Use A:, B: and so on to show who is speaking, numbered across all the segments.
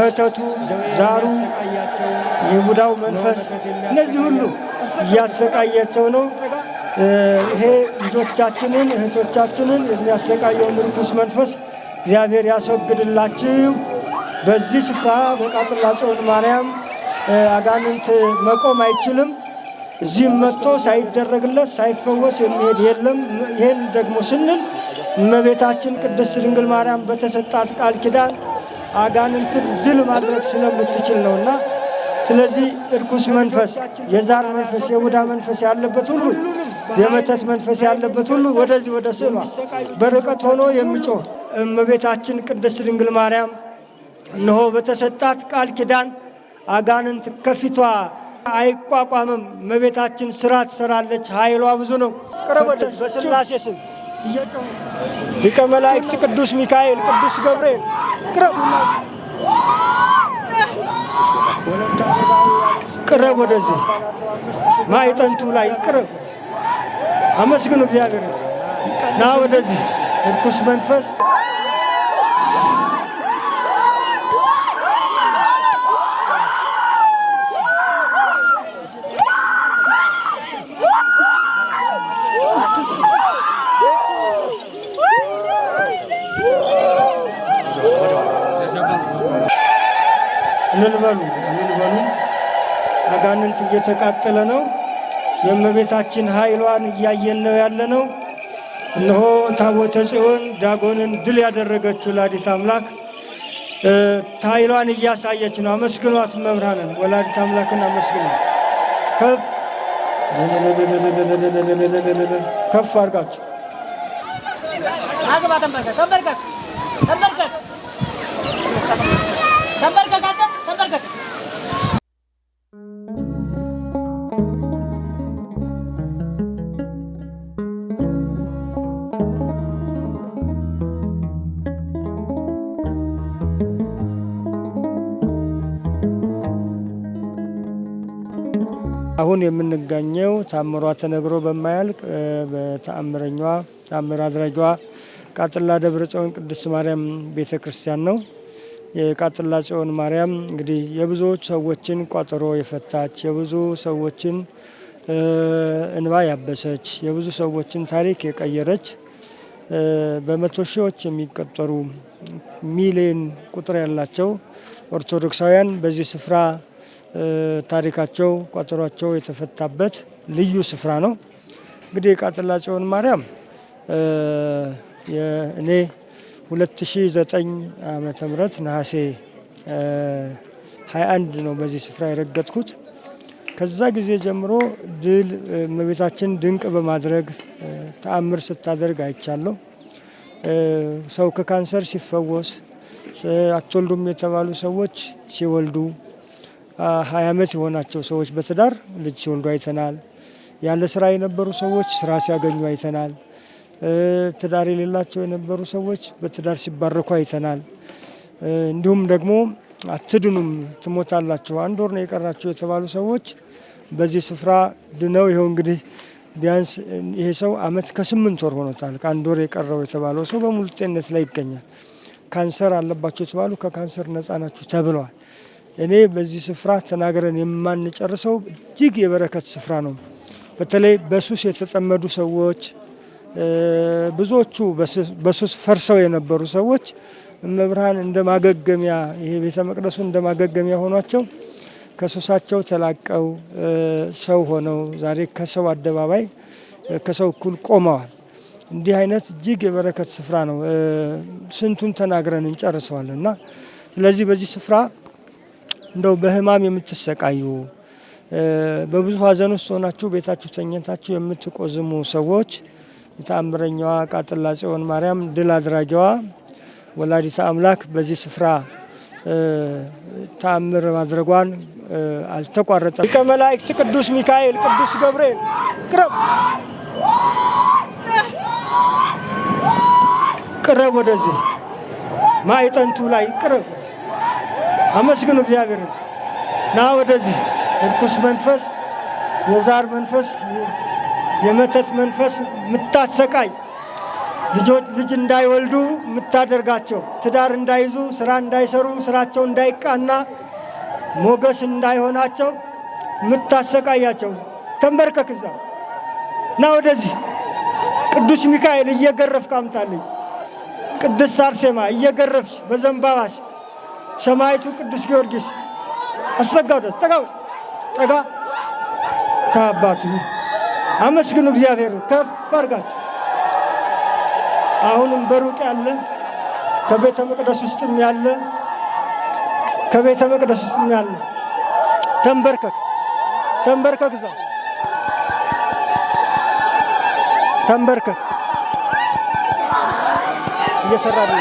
A: መተቱ፣ ዛሩ፣ የቡዳው መንፈስ እነዚህ ሁሉ እያሰቃያቸው ነው። ይሄ ልጆቻችንን እህቶቻችንን የሚያሰቃየውን ርኩስ መንፈስ እግዚአብሔር ያስወግድላችሁ። በዚህ ስፍራ በቃጥላ ጽዮን ማርያም አጋንንት መቆም አይችልም። እዚህም መጥቶ ሳይደረግለት ሳይፈወስ የሚሄድ የለም። ይህን ደግሞ ስንል እመቤታችን ቅድስት ድንግል ማርያም በተሰጣት ቃል ኪዳን አጋንንትን ድል ማድረግ ስለምትችል እና ስለዚህ እርኩስ መንፈስ፣ የዛር መንፈስ፣ የቡዳ መንፈስ ያለበት ሁሉ የመተት መንፈስ ያለበት ሁሉ ወደዚህ ወደ ስዕሏ በርቀት ሆኖ የሚጮህ እመቤታችን ቅድስት ድንግል ማርያም እነሆ በተሰጣት ቃል ኪዳን አጋንንት ከፊቷ አይቋቋምም። እመቤታችን ስራ ትሰራለች። ኃይሏ ብዙ ነው። በስላሴ ስም ሊቀ መላእክት ቅዱስ ሚካኤል፣ ቅዱስ ገብርኤል ቅረብ ወደዚህ ማይጠንቱ ላይ ቅረብ። አመስግኑ እግዚአብሔር ና ወደዚህ እርኩስ መንፈስ በሉ አሜን በሉ። አጋንንት እየተቃጠለ ነው። የእመቤታችን ኃይሏን እያየን ነው ያለ ነው። እነሆ ታቦተ ጽዮን ዳጎንን ድል ያደረገችው ላዲት አምላክ ኃይሏን እያሳየች ነው። አመስግኗት መብርሃንን ወላዲት አምላክን አመስግኗት። ከፍ ከፍ አድርጋችሁ
B: ተንበርከክ ተንበርከክ
A: አሁን የምንገኘው ታምሯ ተነግሮ በማያልቅ በተአምረኛ ተአምር አድራጇ ቃጥላ ደብረ ጽዮን ቅድስት ማርያም ቤተ ክርስቲያን ነው። የቃጥላ ጽዮን ማርያም እንግዲህ የብዙ ሰዎችን ቋጠሮ የፈታች የብዙ ሰዎችን እንባ ያበሰች የብዙ ሰዎችን ታሪክ የቀየረች በመቶ ሺዎች የሚቆጠሩ ሚሊዮን ቁጥር ያላቸው ኦርቶዶክሳውያን በዚህ ስፍራ ታሪካቸው ቋጠሯቸው የተፈታበት ልዩ ስፍራ ነው። እንግዲህ የቃጥላ ጽዮን ማርያም እኔ 2009 ዓ ምህረት ነሐሴ 21 ነው በዚህ ስፍራ የረገጥኩት። ከዛ ጊዜ ጀምሮ ድል እመቤታችን ድንቅ በማድረግ ተአምር ስታደርግ አይቻለሁ። ሰው ከካንሰር ሲፈወስ፣ አትወልዱም የተባሉ ሰዎች ሲወልዱ ሀያ አመት የሆናቸው ሰዎች በትዳር ልጅ ሲወልዱ አይተናል። ያለ ስራ የነበሩ ሰዎች ስራ ሲያገኙ አይተናል። ትዳር የሌላቸው የነበሩ ሰዎች በትዳር ሲባረኩ አይተናል። እንዲሁም ደግሞ አትድኑም ትሞታላችሁ፣ አንድ ወር ነው የቀራችሁ የተባሉ ሰዎች በዚህ ስፍራ ድነው ይኸው እንግዲህ ቢያንስ ይሄ ሰው አመት ከስምንት ወር ሆኖታል። ከአንድ ወር የቀረው የተባለው ሰው በሙሉ ጤንነት ላይ ይገኛል። ካንሰር አለባቸው የተባሉ ከካንሰር ነጻ ናችሁ ተብለዋል። እኔ በዚህ ስፍራ ተናግረን የማንጨርሰው እጅግ የበረከት ስፍራ ነው። በተለይ በሱስ የተጠመዱ ሰዎች ብዙዎቹ በሱስ ፈርሰው የነበሩ ሰዎች መብርሃን እንደ ማገገሚያ ይሄ ቤተ መቅደሱ እንደ ማገገሚያ ሆኗቸው ከሱሳቸው ተላቀው ሰው ሆነው ዛሬ ከሰው አደባባይ ከሰው እኩል ቆመዋል። እንዲህ አይነት እጅግ የበረከት ስፍራ ነው። ስንቱን ተናግረን እንጨርሰዋል እና ስለዚህ በዚህ ስፍራ እንደው በህማም የምትሰቃዩ በብዙ ሀዘን ውስጥ ሆናችሁ ቤታችሁ ተኝታችሁ የምትቆዝሙ ሰዎች የተአምረኛዋ ቃጥላ ጽዮን ማርያም ድል አድራጊዋ ወላዲተ አምላክ በዚህ ስፍራ ተአምር ማድረጓን አልተቋረጠም። ሊቀ መላእክት ቅዱስ ሚካኤል፣ ቅዱስ ገብርኤል ቅረብ ቅረብ ወደዚህ ማይጠንቱ ላይ ቅረብ አመስግኑ እግዚአብሔርን። ና ወደዚህ እርኩስ መንፈስ፣ የዛር መንፈስ፣ የመተት መንፈስ ምታሰቃይ ልጆች ልጅ እንዳይወልዱ የምታደርጋቸው ትዳር እንዳይዙ፣ ስራ እንዳይሰሩ፣ ስራቸው እንዳይቃና፣ ሞገስ እንዳይሆናቸው ምታሰቃያቸው ተንበርከክ እዛ ና ወደዚህ ቅዱስ ሚካኤል እየገረፍክ አምጣልኝ። ቅድስት አርሴማ እየገረፍሽ በዘንባባሽ ሰማይቱ ቅዱስ ጊዮርጊስ አስጠጋው ድረስ ጠጋው ጠጋ ታባቱ አመስግኑ እግዚአብሔር ከፍ አድርጋችሁ። አሁንም በሩቅ ያለ ከቤተ መቅደስ ውስጥም ያለ ከቤተ መቅደስ ውስጥም ያለ ተንበርከክ ተንበርከክ እዛ ተንበርከክ እየሰራ ነው።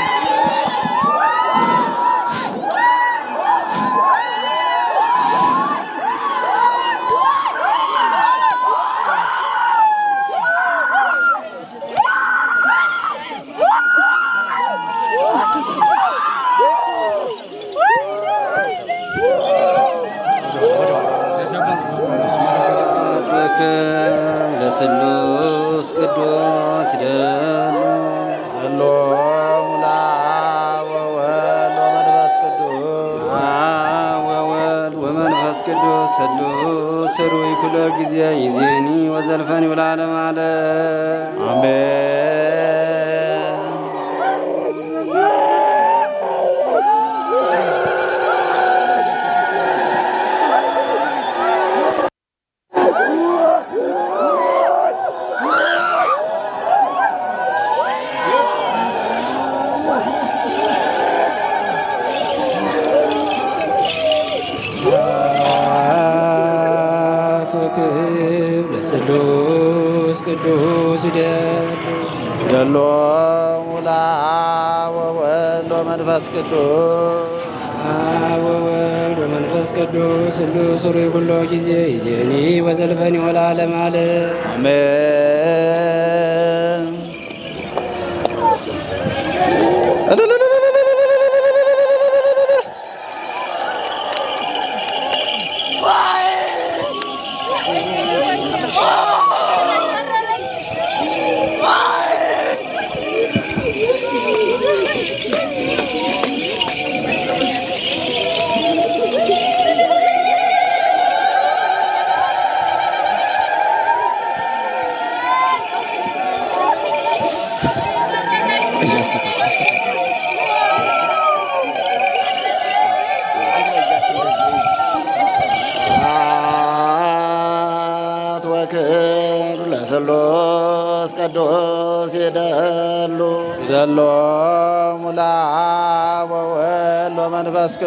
C: يزيني وزلفني والعالم على
D: መንፈስ ቅዱስ ወወልድ ወመንፈስ ቅዱስ ሁሉ ሥሩይ ኩሎ ጊዜ ይዜኒ ወዘልፈኒ ወለዓለመ
C: አሜን።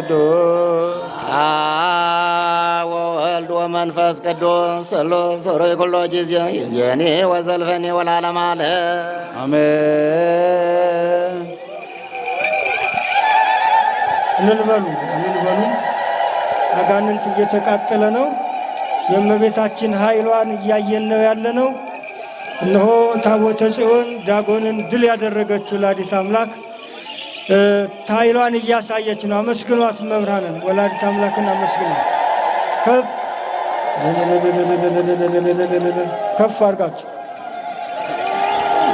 B: ቅዱስ ወወልድ ወመንፈስ ቅዱስ ስሉስ ሩይ ኩሎ ጊዜ ወዘልፈኒ አሜን። እንልበሉ እንልበሉ።
A: አጋንንት እየተቃጠለ ነው። የእመቤታችን ኃይሏን እያየን ነው ያለ ነው። እነሆ ታቦተ ጽዮን ዳጎንን ድል ያደረገችው ላዲት አምላክ ታይሏን እያሳየች ነው። አመስግኗት መምህራንን ወላዲት አምላክን አመስግኗት። ከፍ ከፍ አድርጋችሁ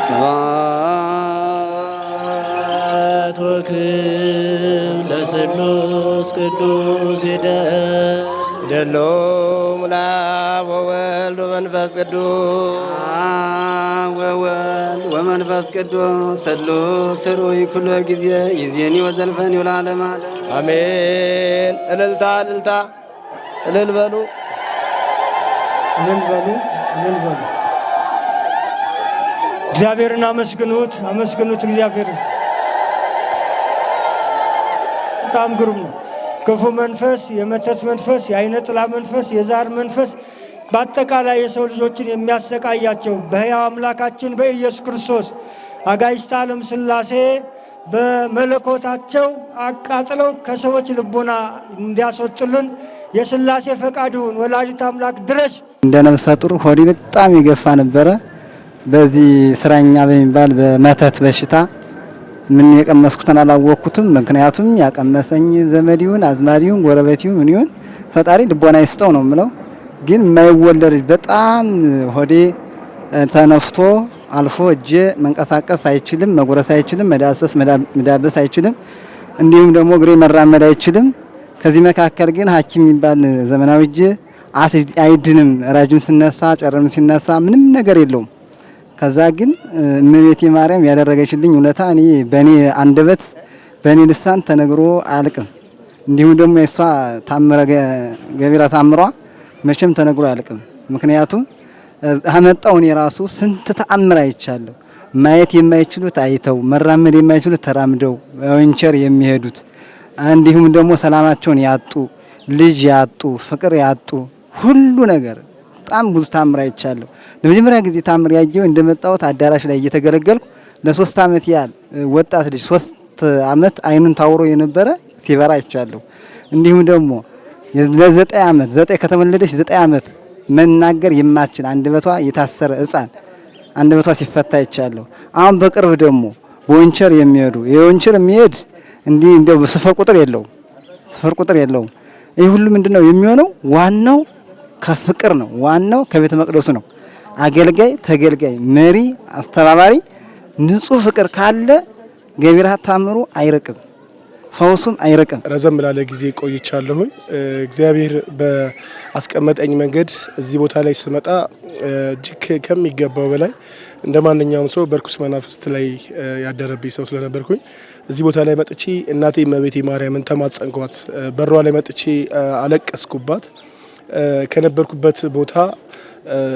D: ስብሐት ወክብር ለስሉስ
C: ቅዱስ ይደሎ ሙላ ወወልድ መንፈስ ቅዱስ ወወ መንፈስ ቅዱስ ሰሎ ስሩ ይኩሎ ጊዜ ይዜኒ ወዘልፈን ይውላለማ አሜን።
A: እልልታ እልልታ እልል በሉ እልል በሉ እልል በሉ። እግዚአብሔርን አመስግኑት፣ አመስግኑት እግዚአብሔርን። በጣም ግሩም ነው። ክፉ መንፈስ፣ የመተት መንፈስ፣ የአይነ ጥላ መንፈስ፣ የዛር መንፈስ በአጠቃላይ የሰው ልጆችን የሚያሰቃያቸው በሕያው አምላካችን በኢየሱስ ክርስቶስ አጋዕዝተ ዓለም ሥላሴ በመለኮታቸው አቃጥለው ከሰዎች ልቦና እንዲያስወጡልን የሥላሴ ፈቃዱን ወላዲት አምላክ ድረሽ
E: እንደ ነፍሰ ጡር ሆዴ በጣም የገፋ ነበረ። በዚህ ስራኛ በሚባል በመተት በሽታ ምን የቀመስኩትን አላወቅኩትም። ምክንያቱም ያቀመሰኝ ዘመድ ይሁን አዝማድ ይሁን ጎረቤት ይሁን ምን ይሁን ፈጣሪ ልቦና ይስጠው ነው ምለው። ግን የማይወለድ በጣም ሆዴ ተነፍቶ አልፎ እጄ መንቀሳቀስ አይችልም፣ መጉረስ አይችልም፣ መዳሰስ መዳበስ አይችልም፣ እንዲሁም ደግሞ እግሬ መራመድ አይችልም። ከዚህ መካከል ግን ሐኪም የሚባል ዘመናዊ እጄ አይድንም። ራጅም ሲነሳ ጨርም ሲነሳ ምንም ነገር የለውም። ከዛ ግን እመቤቴ ማርያም ያደረገችልኝ ውለታ እኔ በእኔ አንደበት በእኔ ልሳን ተነግሮ አያልቅም። እንዲሁም ደግሞ የእሷ ታምረ ገቢረ ታምሯ መቼም ተነግሮ አያልቅም። ምክንያቱም አመጣውን የራሱ ስንት ተአምር አይቻለሁ። ማየት የማይችሉት አይተው፣ መራመድ የማይችሉት ተራምደው ወንቸር የሚሄዱት እንዲሁም ደግሞ ሰላማቸውን ያጡ ልጅ ያጡ ፍቅር ያጡ ሁሉ ነገር በጣም ብዙ ታምር አይቻለሁ። ለመጀመሪያ ጊዜ ታምር ያየው እንደመጣሁት አዳራሽ ላይ እየተገለገልኩ ለሶስት አመት ያህል ወጣት ልጅ ሶስት አመት አይኑን ታውሮ የነበረ ሲበራ አይቻለሁ። እንዲሁም ደግሞ ለዘጠኝ ዓመት ዘጠኝ ከተወለደች ዘጠኝ ዓመት መናገር የማትችል አንደበቷ የታሰረ ህፃን አንደበቷ ሲፈታ ይቻለሁ። አሁን በቅርብ ደግሞ በወንቸር የሚሄዱ የወንቸር የሚሄድ እንዲህ እንደው ስፍር ቁጥር የለውም፣ ስፍር ቁጥር የለውም። ይህ ሁሉ ምንድነው የሚሆነው? ዋናው ከፍቅር ነው። ዋናው ከቤተ መቅደሱ ነው። አገልጋይ፣ ተገልጋይ፣ መሪ፣ አስተባባሪ ንጹህ ፍቅር ካለ
F: ገቢራ ታምሩ አይርቅም። ፈውሱም አይርቅም። ረዘም ላለ ጊዜ ቆይቻለሁኝ። እግዚአብሔር በአስቀመጠኝ መንገድ እዚህ ቦታ ላይ ስመጣ እጅግ ከሚገባው በላይ እንደ ማንኛውም ሰው በርኩስ መናፍስት ላይ ያደረብኝ ሰው ስለነበርኩኝ እዚህ ቦታ ላይ መጥቼ እናቴ እመቤቴ ማርያምን ተማጸንኳት። በሯ ላይ መጥቼ አለቀስኩባት። ከነበርኩበት ቦታ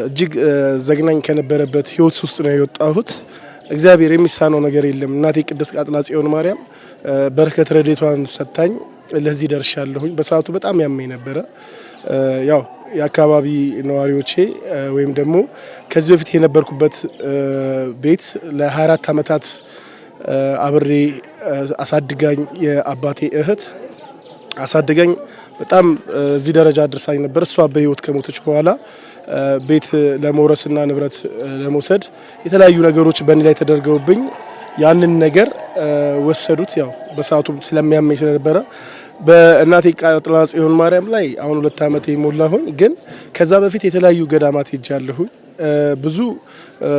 F: እጅግ ዘግናኝ ከነበረበት ህይወት ውስጥ ነው የወጣሁት። እግዚአብሔር የሚሳነው ነገር የለም። እናቴ ቅድስት ቃጥላ ጽዮን ማርያም በረከት ረዴቷን ሰጥታኝ ለዚህ ደርሻለሁኝ። በሰዓቱ በጣም ያመኝ ነበረ። ያው የአካባቢ ነዋሪዎቼ ወይም ደግሞ ከዚህ በፊት የነበርኩበት ቤት ለ24 ዓመታት አብሬ አሳድጋኝ የአባቴ እህት አሳድጋኝ በጣም እዚህ ደረጃ አድርሳኝ ነበር። እሷ በህይወት ከሞተች በኋላ ቤት ለመውረስና ንብረት ለመውሰድ የተለያዩ ነገሮች በእኔ ላይ ተደርገውብኝ ያንን ነገር ወሰዱት። ያው በሰዓቱ ስለሚያመኝ ስለነበረ በእናቴ ጥላ ጽዮን ማርያም ላይ አሁን ሁለት ዓመት የሞላሁኝ፣ ግን ከዛ በፊት የተለያዩ ገዳማት ሄጃለሁኝ። ብዙ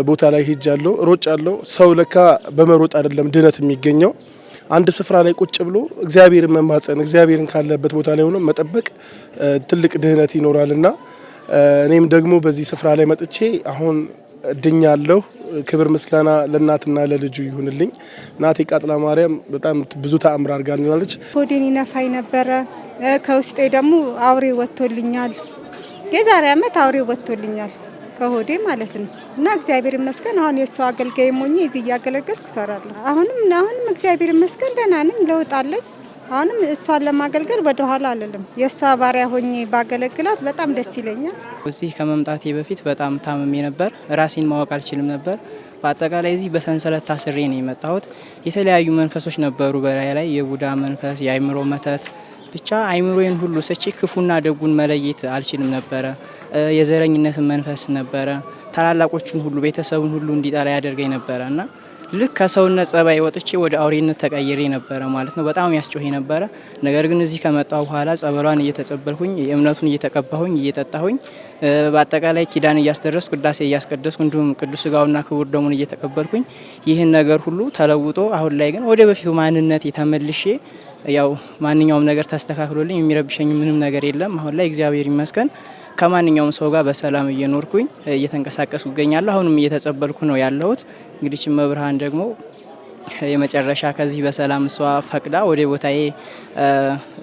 F: ቦታ ላይ ሄጃለሁ፣ ሮጫለሁ። ሰው ለካ በመሮጥ አይደለም ድነት የሚገኘው። አንድ ስፍራ ላይ ቁጭ ብሎ እግዚአብሔርን መማጸን እግዚአብሔርን ካለበት ቦታ ላይ ሆኖ መጠበቅ ትልቅ ድህነት ይኖራልና እኔም ደግሞ በዚህ ስፍራ ላይ መጥቼ አሁን እድኛለሁ። ክብር ምስጋና ለእናትና ለልጁ ይሁንልኝ። እናቴ ቃጥላ ማርያም በጣም ብዙ ተአምር አድርጋልናለች።
G: ሆዴን ይነፋኝ ነበረ፣ ከውስጤ ደግሞ አውሬ ወጥቶልኛል። የዛሬ ዓመት አውሬ ወጥቶልኛል ከሆዴ ማለት ነው እና እግዚአብሔር ይመስገን አሁን የሰው አገልጋይ ሞኜ እዚህ እያገለገልኩ እሰራለሁ። አሁንም አሁንም እግዚአብሔር ይመስገን ደህና ነኝ፣ ለውጥ አለኝ። አሁንም እሷን ለማገልገል ወደኋላ አልልም። የእሷ ባሪያ ሆኜ ባገለግላት በጣም ደስ ይለኛል።
D: እዚህ ከመምጣቴ በፊት በጣም ታምሜ ነበር። ራሴን ማወቅ አልችልም ነበር። በአጠቃላይ እዚህ በሰንሰለት ታስሬ ነው የመጣሁት። የተለያዩ መንፈሶች ነበሩ በላይ ላይ የቡዳ መንፈስ፣ የአይምሮ መተት ብቻ አይምሮዬን ሁሉ ሰቼ ክፉና ደጉን መለየት አልችልም ነበረ። የዘረኝነትን መንፈስ ነበረ። ታላላቆቹን ሁሉ ቤተሰቡን ሁሉ እንዲጠላ ያደርገኝ ነበረ እና ልክ ከሰውነት ጸባይ ወጥቼ ወደ አውሬነት ተቀይሬ ነበረ ማለት ነው። በጣም ያስጮህ ነበረ። ነገር ግን እዚህ ከመጣው በኋላ ጸበሏን እየተጸበልኩኝ እምነቱን እየተቀባሁኝ እየጠጣሁኝ በአጠቃላይ ኪዳን እያስደረስ ቅዳሴ እያስቀደስኩ እንዲሁም ቅዱስ ስጋውና ክቡር ደሙን እየተቀበልኩኝ ይህን ነገር ሁሉ ተለውጦ አሁን ላይ ግን ወደ በፊቱ ማንነት የተመልሼ ያው ማንኛውም ነገር ተስተካክሎልኝ የሚረብሸኝ ምንም ነገር የለም። አሁን ላይ እግዚአብሔር ይመስገን። ከማንኛውም ሰው ጋር በሰላም እየኖርኩኝ እየተንቀሳቀስኩ እገኛለሁ። አሁንም እየተጸበልኩ ነው ያለሁት። እንግዲህ ብርሃን ደግሞ የመጨረሻ ከዚህ በሰላም እሷ ፈቅዳ ወደ ቦታዬ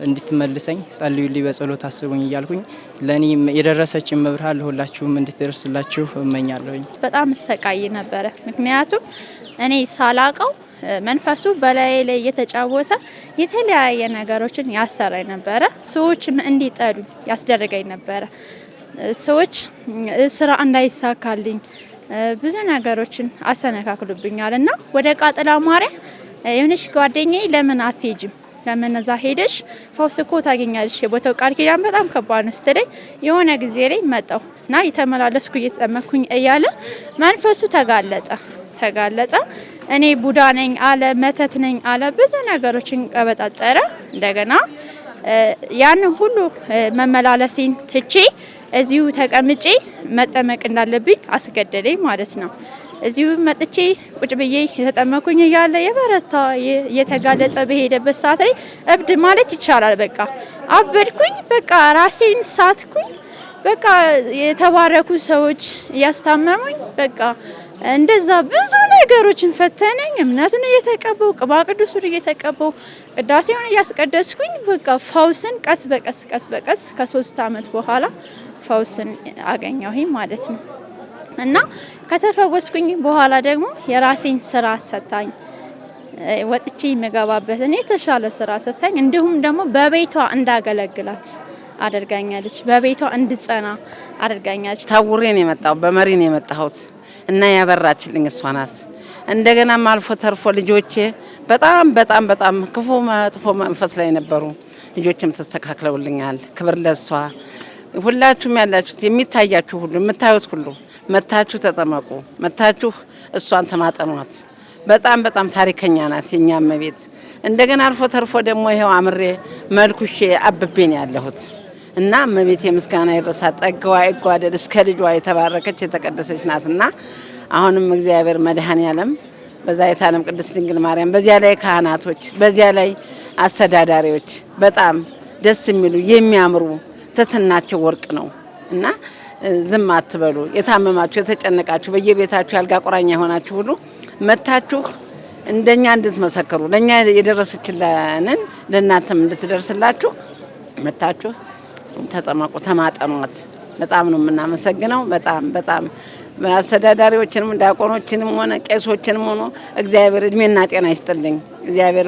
D: እንድትመልሰኝ ጸልዩልኝ፣ በጸሎት አስቡኝ እያልኩኝ ለእኔ የደረሰች መብርሃን ለሁላችሁም እንድትደርስላችሁ እመኛለሁኝ።
G: በጣም እሰቃይ ነበረ። ምክንያቱም እኔ ሳላቀው መንፈሱ በላይ ላይ እየተጫወተ የተለያየ ነገሮችን ያሰራኝ ነበረ። ሰዎችም እንዲጠሉ ያስደረገኝ ነበረ። ሰዎች ስራ እንዳይሳካልኝ ብዙ ነገሮችን አሰነካክሉብኛል እና ወደ ቃጥላ ማርያም የሆነች ጓደኛዬ ለምን አትሄጅም ለምን እዛ ሄደሽ ፈውስ እኮ ታገኛለሽ፣ የቦታው ቃል ኪዳን በጣም ከባድ ነው ስትለኝ የሆነ ጊዜ ላይ መጣው እና የተመላለስኩ እየተጠመኩኝ እያለ መንፈሱ ተጋለጠ ተጋለጠ። እኔ ቡዳ ነኝ አለ፣ መተት ነኝ አለ፣ ብዙ ነገሮችን ቀበጣጠረ። እንደገና ያን ሁሉ መመላለሴን ትቼ እዚሁ ተቀምጬ መጠመቅ እንዳለብኝ አስገደደኝ ማለት ነው። እዚሁ መጥቼ ቁጭ ብዬ የተጠመኩኝ እያለ የበረታ የተጋለጠ በሄደበት ሰዓት ላይ እብድ ማለት ይቻላል። በቃ አበድኩኝ፣ በቃ ራሴን ሳትኩኝ። በቃ የተባረኩ ሰዎች እያስታመሙኝ በቃ እንደዛ ብዙ ነገሮችን ፈተነኝ። እምነቱን እየተቀበው ቅባ ቅዱሱን እየተቀበው ቅዳሴውን እያስቀደስኩኝ በቃ ፈውስን ቀስ በቀስ ቀስ በቀስ ከሶስት አመት በኋላ ፈውስን አገኘሁ ማለት ነው። እና ከተፈወስኩኝ በኋላ ደግሞ የራሴን ስራ ሰታኝ ወጥቼ እኔ የተሻለ ስራ ሰታኝ፣ እንዲሁም ደግሞ በቤቷ እንዳገለግላት አድርጋኛለች። በቤቷ እንድጸና አድርጋኛለች።
B: ታውሬ ነው የመጣሁት፣ በመሪ ነው የመጣሁት። እና ያበራችልኝ እሷ ናት። እንደገናም አልፎ ተርፎ ልጆቼ በጣም በጣም በጣም ክፉ መጥፎ መንፈስ ላይ ነበሩ። ልጆችም ተስተካክለውልኛል። ክብር ለሷ። ሁላችሁም ያላችሁት የሚታያችሁ ሁሉ የምታዩት ሁሉ መታችሁ ተጠመቁ። መታችሁ እሷን ተማጠኗት። በጣም በጣም ታሪከኛ ናት የእኛ እመቤት። እንደገና አልፎ ተርፎ ደግሞ ይኸው አምሬ መልኩሼ አብቤን ያለሁት እና እመቤቴ ምስጋና ይረሳ ጠግዋ ይጓደል፣ እስከ ልጇ የተባረከች የተቀደሰች ናትና አሁንም እግዚአብሔር መድኃኔዓለም በዛ የታለም ቅድስት ድንግል ማርያም በዚያ ላይ ካህናቶች፣ በዚያ ላይ አስተዳዳሪዎች በጣም ደስ የሚሉ የሚያምሩ ትትናቸው ወርቅ ነው እና ዝም አትበሉ። የታመማችሁ የተጨነቃችሁ፣ በየቤታችሁ ያልጋ ቁራኛ የሆናችሁ ሁሉ መታችሁ እንደኛ እንድትመሰክሩ ለእኛ የደረሰችለንን ለእናንተም እንድትደርስላችሁ መታችሁ ተጠመቁ ተማጠኗት። በጣም ነው የምናመሰግነው። በጣም በጣም አስተዳዳሪዎችንም ዲያቆኖችንም ሆነ ቄሶችንም ሆኖ እግዚአብሔር እድሜና ጤና ይስጥልኝ። እግዚአብሔር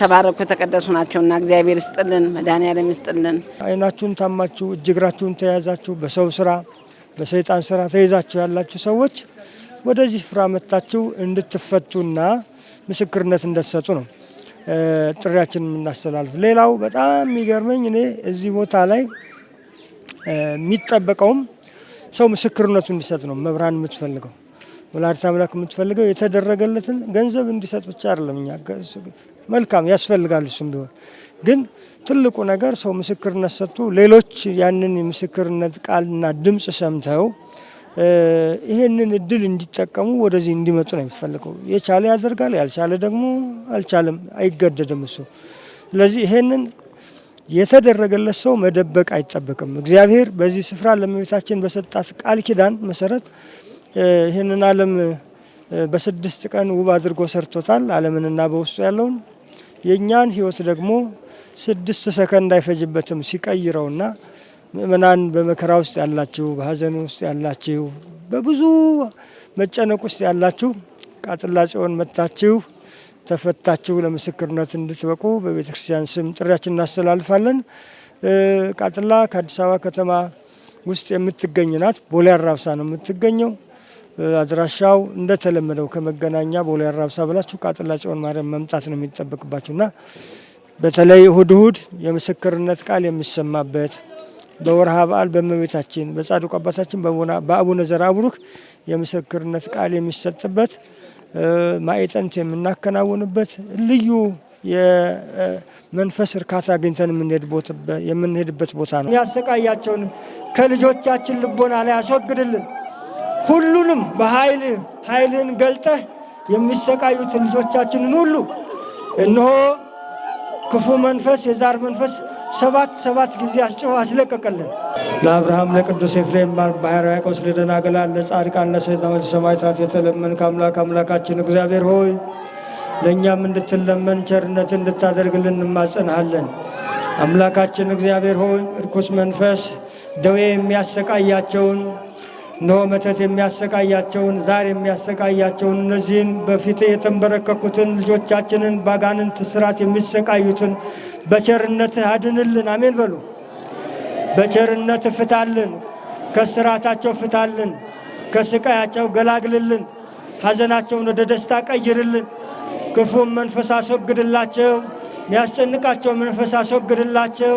B: ተባረኩ የተቀደሱ ናቸውና እግዚአብሔር ይስጥልን፣ መድኃኔዓለም ይስጥልን።
A: አይናችሁን ታማችሁ እጅግራችሁን ተያዛችሁ፣ በሰው ስራ በሰይጣን ስራ ተይዛችሁ ያላችሁ ሰዎች ወደዚህ ስፍራ መጥታችሁ እንድትፈቱና ምስክርነት እንደሰጡ ነው። ጥሪያችን የምናስተላልፍ። ሌላው በጣም የሚገርመኝ እኔ እዚህ ቦታ ላይ የሚጠበቀውም ሰው ምስክርነቱ እንዲሰጥ ነው። መብራን የምትፈልገው ወላዲተ አምላክ የምትፈልገው የተደረገለትን ገንዘብ እንዲሰጥ ብቻ አይደለም። እኛ መልካም ያስፈልጋል፣ እሱም ቢሆን ግን ትልቁ ነገር ሰው ምስክርነት ሰጥቶ ሌሎች ያንን የምስክርነት ቃልና ድምፅ ሰምተው ይህንን እድል እንዲጠቀሙ ወደዚህ እንዲመጡ ነው የሚፈልገው። የቻለ ያደርጋል፣ ያልቻለ ደግሞ አልቻለም፣ አይገደድም እሱ። ስለዚህ ይህንን የተደረገለት ሰው መደበቅ አይጠበቅም። እግዚአብሔር በዚህ ስፍራ ለመቤታችን በሰጣት ቃል ኪዳን መሰረት ይህንን ዓለም በስድስት ቀን ውብ አድርጎ ሰርቶታል። ዓለምንና በውስጡ ያለውን የእኛን ህይወት ደግሞ ስድስት ሰከንድ አይፈጅበትም ሲቀይረውና ምእመናን በመከራ ውስጥ ያላችሁ፣ በሀዘን ውስጥ ያላችሁ፣ በብዙ መጨነቅ ውስጥ ያላችሁ ቃጥላ ጽዮን መጥታችሁ ተፈታችሁ ለምስክርነት እንድትበቁ በቤተ ክርስቲያን ስም ጥሪያችን እናስተላልፋለን። ቃጥላ ከአዲስ አበባ ከተማ ውስጥ የምትገኝ ናት። ቦሌ አራብሳ ነው የምትገኘው። አድራሻው እንደተለመደው ከመገናኛ ቦሌ አራብሳ ብላችሁ ቃጥላ ጽዮን ማርያም መምጣት ነው የሚጠበቅባችሁና በተለይ እሁድ እሁድ የምስክርነት ቃል የሚሰማበት በወርሃ በዓል በመቤታችን በጻድቁ አባታችን በአቡነ ዘርዓ ቡሩክ የምስክርነት ቃል የሚሰጥበት ማዕጠንት የምናከናውንበት ልዩ የመንፈስ እርካታ አግኝተን የምንሄድበት ቦታ ነው። ያሰቃያቸውን ከልጆቻችን ልቦና ላይ አስወግድልን። ሁሉንም በኃይል ኃይልን ገልጠህ የሚሰቃዩትን ልጆቻችንን ሁሉ እነሆ ክፉ መንፈስ የዛር መንፈስ ሰባት ሰባት ጊዜ አስጭሆ አስለቀቀልን። ለአብርሃም ለቅዱስ ኤፍሬም ባህር ያዕቆብ ለደናግላን ለጻድቃን ለሰማዕታት ሰማዕታት የተለመንክ አምላክ አምላካችን እግዚአብሔር ሆይ ለእኛም እንድትለመን ቸርነት እንድታደርግልን እንማጸንሃለን። አምላካችን እግዚአብሔር ሆይ እርኩስ መንፈስ ደዌ የሚያሰቃያቸውን እነሆ መተት የሚያሰቃያቸውን ዛር የሚያሰቃያቸውን እነዚህን በፊት የተንበረከኩትን ልጆቻችንን ባጋንንት ስራት የሚሰቃዩትን በቸርነት አድንልን። አሜን በሉ። በቸርነት ፍታልን፣ ከስራታቸው ፍታልን፣ ከስቃያቸው ገላግልልን፣ ሐዘናቸውን ወደ ደስታ ቀይርልን፣ ክፉም መንፈስ አስወግድላቸው፣ የሚያስጨንቃቸው መንፈስ አስወግድላቸው።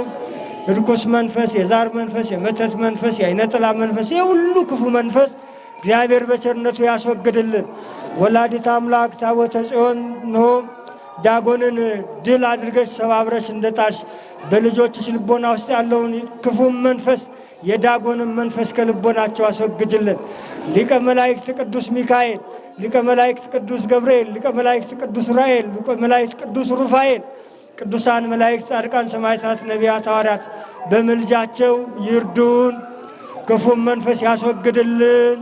A: እርኩስ መንፈስ፣ የዛር መንፈስ፣ የመተት መንፈስ፣ የአይነጥላ መንፈስ፣ የሁሉ ክፉ መንፈስ እግዚአብሔር በቸርነቱ ያስወግድልን። ወላዲት አምላክ ታቦተ ጽዮን ኖ ዳጎንን ድል አድርገሽ ሰባብረሽ እንደጣልሽ በልጆችሽ ልቦና ውስጥ ያለውን ክፉም መንፈስ የዳጎንን መንፈስ ከልቦናቸው አስወግጅልን። ሊቀ መላእክት ቅዱስ ሚካኤል፣ ሊቀ መላእክት ቅዱስ ገብርኤል፣ ሊቀ መላእክት ቅዱስ ራኤል፣ ሊቀ መላእክት ቅዱስ ሩፋኤል ቅዱሳን መላእክት፣ ጻድቃን፣ ሰማዕታት፣ ነቢያት፣ ሐዋርያት በምልጃቸው ይርዱን፣ ክፉን መንፈስ ያስወግድልን።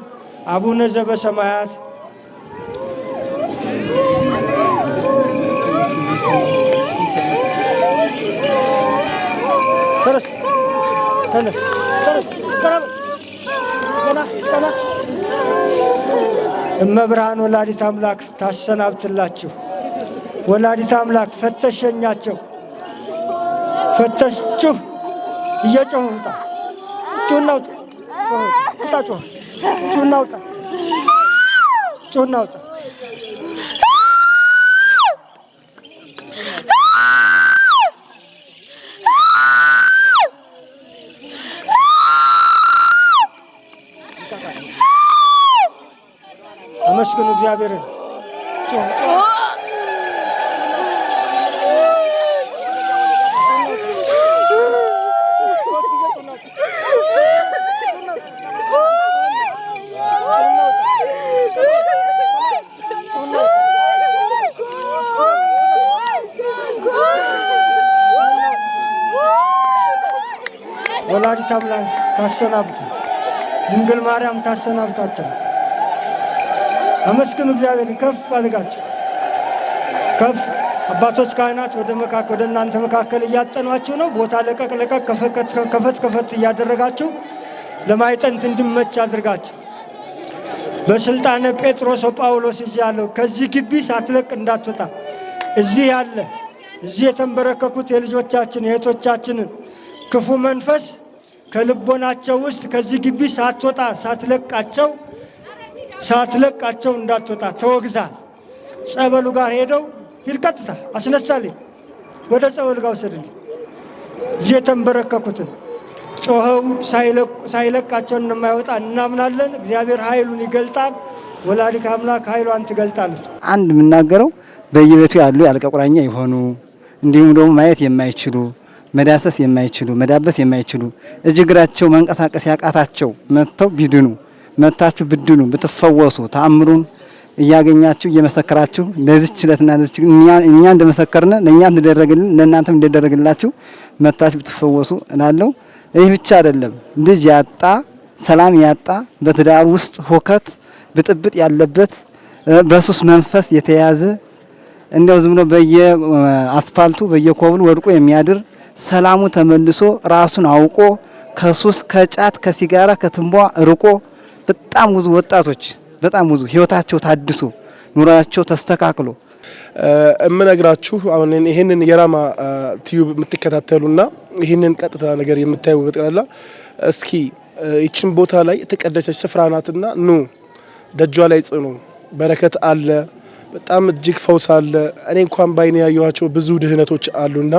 A: አቡነ ዘበሰማያት እመብርሃን ወላዲት አምላክ ታሰናብትላችሁ። ወላዲት አምላክ ፈተሽ ሸኛቸው ፈተሽ እየጮሁ ውጣ ጩህና ውጣ ውጣ ውጣ ጩህና ውጣ አመስግኑ እግዚአብሔርን ጩህ ሀብታም ታሰናብቱ፣ ድንግል ማርያም ታሰናብታቸው። አመስግኑ እግዚአብሔርን ከፍ አድርጋቸው። ከፍ አባቶች ካህናት ወደ መካከል ወደ እናንተ መካከል እያጠኗችሁ ነው። ቦታ ለቀቅ ለቀቅ ከፈት ከፈት እያደረጋችሁ ለማይጠንት እንዲመች አድርጋችሁ በስልጣነ ጴጥሮስ ጳውሎስ እዚህ ያለው ከዚህ ግቢ ሳትለቅ እንዳትወጣ እዚህ ያለ እዚህ የተንበረከኩት የልጆቻችን የእህቶቻችንን ክፉ መንፈስ ከልቦናቸው ውስጥ ከዚህ ግቢ ሳትወጣ ሳትለቃቸው ሳትለቃቸው እንዳትወጣ ተወግዛ ጸበሉ ጋር ሄደው ሂድ ቀጥታ አስነሳልኝ፣ ወደ ጸበሉ ጋር ወሰድልኝ። እየተንበረከኩትን ጮኸው ሳይለቃቸው እንደማይወጣ እናምናለን። እግዚአብሔር ኃይሉን ይገልጣል። ወላዲተ አምላክ ኃይሏን ትገልጣለች።
E: አንድ የምናገረው በየቤቱ ያሉ ያልቀ ቁራኛ የሆኑ እንዲሁም ደግሞ ማየት የማይችሉ መዳሰስ የማይችሉ መዳበስ የማይችሉ እጅ እግራቸው መንቀሳቀስ ያቃታቸው መጥተው ቢድኑ መጥታችሁ ብድኑ ብትፈወሱ ተአምሩን እያገኛችሁ እየመሰከራችሁ ለዚች ዕለትና ለዚች እኛ እንደመሰከርነ ለእኛ እንደደረግልን ለእናንተም እንደደረግላችሁ መጥታችሁ ብትፈወሱ እላለሁ። ይህ ብቻ አይደለም። ልጅ ያጣ ሰላም ያጣ በትዳር ውስጥ ሁከት ብጥብጥ ያለበት በሱስ መንፈስ የተያዘ እንደው ዝም ብሎ በየአስፋልቱ በየኮብሉ ወድቆ የሚያድር ሰላሙ ተመልሶ ራሱን አውቆ ከሱስ ከጫት ከሲጋራ ከትንቧ ርቆ በጣም ብዙ
F: ወጣቶች በጣም ብዙ ህይወታቸው ታድሶ ኑሯቸው ተስተካክሎ እምነግራችሁ አሁን ይህንን የራማ ቲዩብ የምትከታተሉና ይህንን ቀጥታ ነገር የምታዩ በጠቅላላ እስኪ ይችን ቦታ ላይ የተቀደሰች ስፍራ ናትና ኑ፣ ደጇ ላይ ጽኑ። በረከት አለ፣ በጣም እጅግ ፈውስ አለ። እኔ እንኳን ባይኔ ያየኋቸው ብዙ ድህነቶች አሉና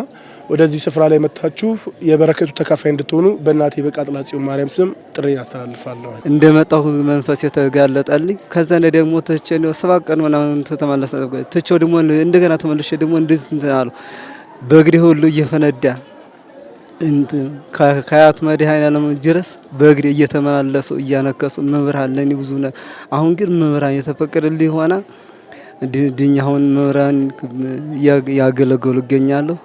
F: ወደዚህ ስፍራ ላይ መጥታችሁ የበረከቱ ተካፋይ እንድትሆኑ በእናቴ በቃጥላ ጽዮን ማርያም ስም ጥሪ አስተላልፋለሁ። እንደመጣሁ መንፈስ
C: የተጋለጠልኝ ከዛ ላይ ደግሞ ትቼ ሰባት ቀን ምናምን ተመለሰ። ትቼው ደግሞ እንደገና ተመልሼ ደግሞ እንደዚህ እንትን አሉ በእግሬ ሁሉ እየፈነዳ ከአያት መድኃኔዓለም ድረስ በእግሬ እየተመላለሱ እያነከሱ መብርሃን ለእኔ ብዙ ነ አሁን ግን መብርሃን የተፈቀደልኝ ሆና ድኛ አሁን መብርሃን እያገለገሉ ይገኛለሁ።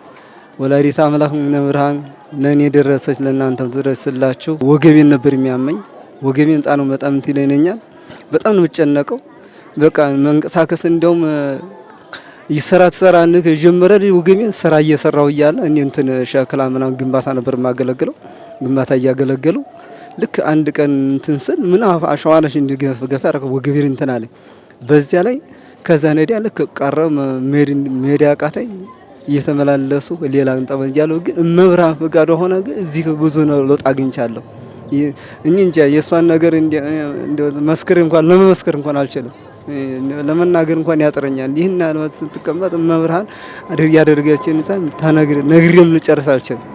C: ወላዲት አምላክ ብርሃን ለእኔ ደረሰች ለእናንተም ድረስላችሁ። ወገቤን ነበር የሚያመኝ ወገቤን ጣኑ በጣም እንትን ይለኛል። በጣም ነው የምጨነቀው። በቃ መንቀሳቀስ እንደውም ይሰራ ተሰራ ንክ ጀመረ ወገቤን ስራ እየሰራው እያለ እኔ እንትን ሸክላ ምናምን ግንባታ ነበር የማገለግለው ግንባታ እያገለገለው ልክ አንድ ቀን እንትን ስል ምን አሸዋለሽ እንዲገፍ ገፋ ያረከ ወገቤን እንትን አለኝ። በዚያ ላይ ከዛ ነዲያ ልክ ቀረ መሄድ መሄድ እየተመላለሱ ሌላ እንጠመን ጠመንጃለሁ ግን እመብርሃን ፈቃድ ሆነ ግን እዚህ ብዙ ለውጥ አግኝቻለሁ። እኔ እንጃ የእሷን ነገር መስክር እንኳን ለመመስከር እንኳን አልችልም፣ ለመናገር እንኳን ያጥረኛል። ይህን ያልመት ስትቀመጥ እመብርሃን ያደርጋችን ነግሬም ልጨርስ አልችልም።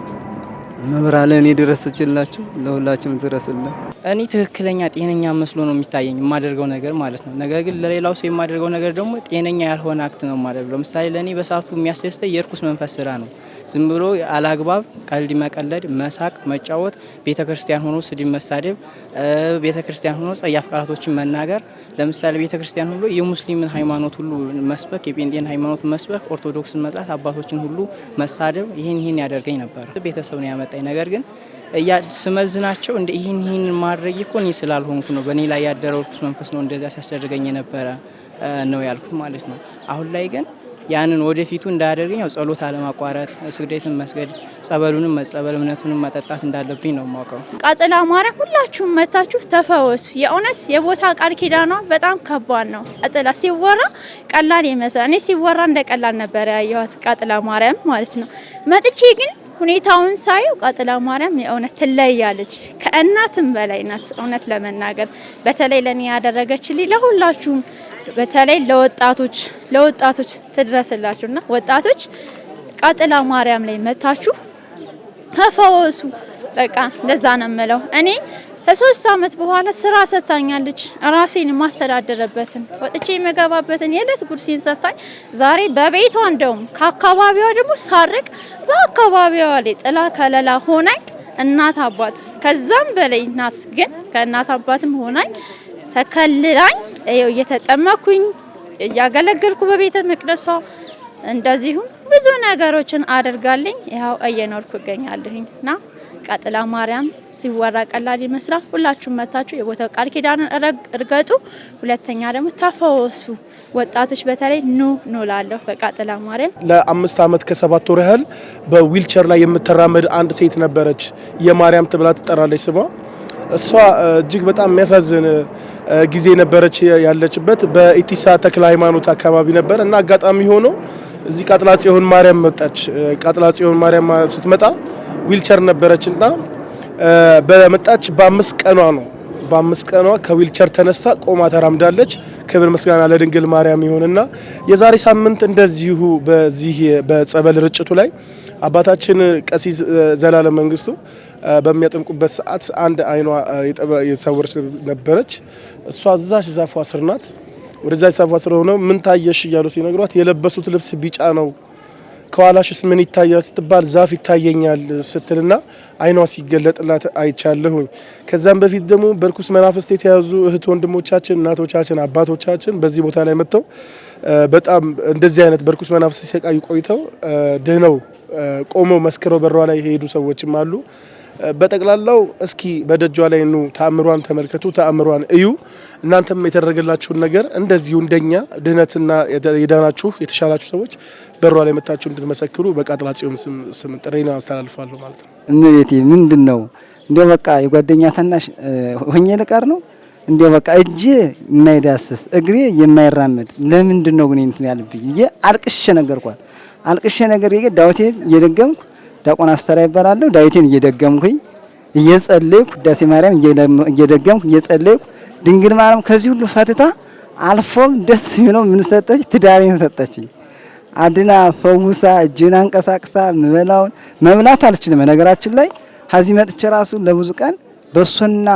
C: መብራ ለእኔ ደረሰችላችሁ፣ ለሁላችሁም ድረስልን።
D: እኔ ትክክለኛ ጤነኛ መስሎ ነው የሚታየኝ የማደርገው ነገር ማለት ነው። ነገር ግን ለሌላው ሰው የማደርገው ነገር ደግሞ ጤነኛ ያልሆነ አክት ነው ነው። ለምሳሌ ለእኔ በሰዓቱ የሚያስደስተኝ የእርኩስ መንፈስ ስራ ነው። ዝም ብሎ አላግባብ ቀልድ መቀለድ፣ መሳቅ፣ መጫወት፣ ቤተ ክርስቲያን ሆኖ ስድብ መሳደብ፣ ቤተ ክርስቲያን ሆኖ ጸያፍ ቃላቶችን መናገር ለምሳሌ ቤተ ክርስቲያን ሁሉ የሙስሊምን ሃይማኖት ሁሉ መስበክ፣ የጴንጤን ሃይማኖት መስበክ፣ ኦርቶዶክስን መጥላት፣ አባቶችን ሁሉ መሳደብ ይህን ይህን ያደርገኝ ነበር ቤተሰብ ነው አመጣኝ። ነገር ግን ስመዝናቸው እንደ ይህን ይህን ማድረግ እኮ እኔ ስላልሆንኩ ነው፣ በእኔ ላይ ያደረው መንፈስ ነው እንደዚያ ሲያስደርገኝ የነበረ ነው ያልኩት ማለት ነው። አሁን ላይ ግን ያንን ወደፊቱ እንዳያደርገኝ ያው ጸሎት አለማቋረጥ፣ ስግደትን መስገድ፣ ጸበሉንም መጸበል፣ እምነቱንም መጠጣት እንዳለብኝ ነው የማውቀው።
G: ቃጽላ ማርያም ሁላችሁም መታችሁ ተፈወሱ። የእውነት የቦታ ቃል ኪዳኗ በጣም ከባድ ነው። ቃጽላ ሲወራ ቀላል ይመስላል። እኔ ሲወራ እንደ ቀላል ነበረ ያየኋት ቃጽላ ማርያም ማለት ነው። መጥቼ ግን ሁኔታውን ሳየው ቃጥላ ማርያም የእውነት ትለያለች። ከእናትም በላይ ናት። እውነት ለመናገር በተለይ ለእኔ ያደረገችልኝ ለሁላችሁም፣ በተለይ ለወጣቶች ለወጣቶች ትድረስላችሁና ወጣቶች ቃጥላ ማርያም ላይ መታችሁ ተፈወሱ። በቃ እንደዛ ነው የምለው እኔ ከሶስት አመት በኋላ ስራ ሰጥታኛለች። ራሴን የማስተዳደረበትን ወጥቼ የመገባበትን የዕለት ጉርሴን ሰጥታኝ ዛሬ በቤቷ እንደውም ከአካባቢዋ ደግሞ ሳርቅ በአካባቢዋ ላይ ጥላ ከለላ ሆናኝ እናት አባት ከዛም በላይ ናት። ግን ከእናት አባትም ሆናኝ ተከልላኝ እየተጠመኩኝ እያገለገልኩ በቤተ መቅደሷ እንደዚሁም ብዙ ነገሮችን አድርጋልኝ ይኸው እየኖርኩ እገኛለሁኝ እና ቀጥላ ማርያም ሲወራ ቀላል ይመስላል። ሁላችሁም መታችሁ የቦታው ቃል ኪዳንን እርገጡ። ሁለተኛ ደግሞ ተፈወሱ። ወጣቶች በተለይ ኑ ላለሁ በቃጥላ ማርያም።
F: ለአምስት ዓመት ከሰባት ወር ያህል በዊልቸር ላይ የምትራመድ አንድ ሴት ነበረች። የማርያም ትብላ ትጠራለች ስሟ። እሷ እጅግ በጣም የሚያሳዝን ጊዜ ነበረች ያለችበት። በኢቲሳ ተክለ ሃይማኖት አካባቢ ነበር እና አጋጣሚ ሆኖ እዚህ ቃጥላ ጽዮን ማርያም መጣች። ቃጥላ ጽዮን ማርያም ስትመጣ ዊልቸር ነበረች በመጣች በአምስት ቀኗ ነው በአምስት ቀኗ ከዊልቸር ተነስታ ቆማ ተራምዳለች። ክብር ምስጋና ለድንግል ማርያም ይሁንና የዛሬ ሳምንት እንደዚሁ በዚህ በጸበል ርጭቱ ላይ አባታችን ቀሲስ ዘላለም መንግስቱ በሚያጠምቁበት ሰዓት አንድ አይኗ የተሰወረች ነበረች። እሷ እዛች ዛፏ ስር ናት። ወደዛ ሳፏ ስለሆነ ምን ታየሽ እያሉ ሲነግሯት የለበሱት ልብስ ቢጫ ነው ከኋላሽስ ምን ይታያል ስትባል ዛፍ ይታየኛል ስትልና አይኗ ሲገለጥላት አይቻለሁኝ። ከዛም በፊት ደግሞ በርኩስ መናፍስት የተያዙ እህት ወንድሞቻችን፣ እናቶቻችን፣ አባቶቻችን በዚህ ቦታ ላይ መጥተው በጣም እንደዚህ አይነት በርኩስ መናፍስት ሲሰቃዩ ቆይተው ድህነው ቆመው መስክረው በሯ ላይ የሄዱ ሰዎችም አሉ። በጠቅላላው እስኪ በደጇ ላይ ኑ፣ ተአምሯን ተመልከቱ፣ ተአምሯን እዩ። እናንተም የተደረገላችሁን ነገር እንደዚሁ እንደኛ ድህነትና የዳናችሁ የተሻላችሁ ሰዎች በሯ ላይ መታችሁ እንድትመሰክሩ በቃጥላ ጽዮን ስም ጥሬን አስተላልፋለሁ ማለት ነው።
E: እመቤቴ ምንድን ነው እንደ በቃ የጓደኛ ታናሽ ሆኜ ልቀር ነው እንደ በቃ እጄ የማይዳስስ እግሬ የማይራመድ ለምንድን ነው ግን እንትን ያለብኝ ብዬ አልቅሼ ነገርኳት። አልቅሼ ነገር ዳውቴ እየደገምኩ ዲያቆን አስተራ ይባላለሁ። ዳዊቴን እየደገምኩኝ እየጸለይኩ ቅዳሴ ማርያም እየደገምኩ እየጸለይኩ ድንግል ማርያም ከዚህ ሁሉ ፈትታ አልፎም ደስ ይኖ ምን ሰጠች? ትዳሬን ሰጠችኝ። አድና ፈውሳ እጅን አንቀሳቅሳ ምበላውን መብላት አልችልም። ነገራችን ላይ ሀዚ መጥቼ ራሱ ለብዙ ቀን በሶና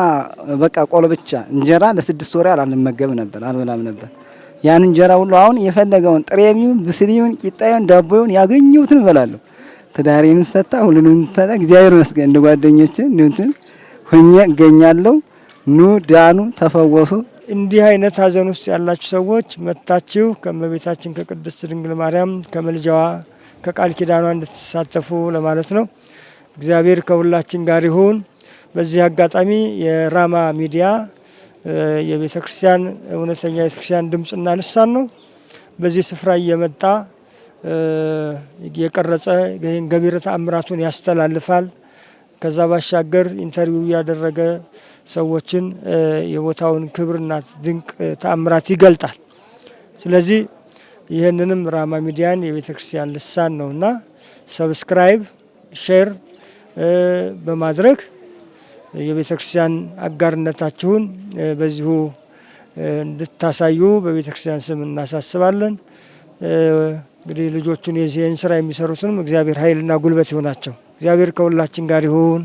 E: በቃ ቆሎ ብቻ እንጀራ ለስድስት ወር አልመገብ ነበር፣ አልበላም ነበር። ያን እንጀራ ሁሉ አሁን የፈለገውን ጥሬ ጥሬሚውን፣ ብስሊውን፣ ቂጣዩን፣ ዳቦውን ያገኘሁትን እበላለሁ። ትዳሬን ሰጣ ሁሉንም ሰታ እግዚአብሔር ይመስገን እንደ ጓደኞቼ
A: እንትን ሁኜ እገኛለሁ። ኑ ዳኑ፣ ተፈወሱ። እንዲህ አይነት ሀዘን ውስጥ ያላችሁ ሰዎች መጥታችሁ ከእመቤታችን ከቅድስት ድንግል ማርያም ከመልጃዋ ከቃል ኪዳኗ እንድትሳተፉ ለማለት ነው። እግዚአብሔር ከሁላችን ጋር ይሁን። በዚህ አጋጣሚ የራማ ሚዲያ የቤተ ክርስቲያን እውነተኛ የቤተ ክርስቲያን ድምፅና ልሳን ነው። በዚህ ስፍራ እየመጣ የቀረጸ ገቢረ ተአምራቱን ያስተላልፋል። ከዛ ባሻገር ኢንተርቪው ያደረገ ሰዎችን የቦታውን ክብርና ድንቅ ተአምራት ይገልጣል። ስለዚህ ይህንንም ራማ ሚዲያን የቤተ ክርስቲያን ልሳን ነውና ሰብስክራይብ፣ ሼር በማድረግ የቤተ ክርስቲያን አጋርነታችሁን በዚሁ እንድታሳዩ በቤተ ክርስቲያን ስም እናሳስባለን። እንግዲህ ልጆቹን የዚህን ስራ የሚሰሩትንም እግዚአብሔር ኃይልና ጉልበት ይሆናቸው። እግዚአብሔር ከሁላችን ጋር ይሁን።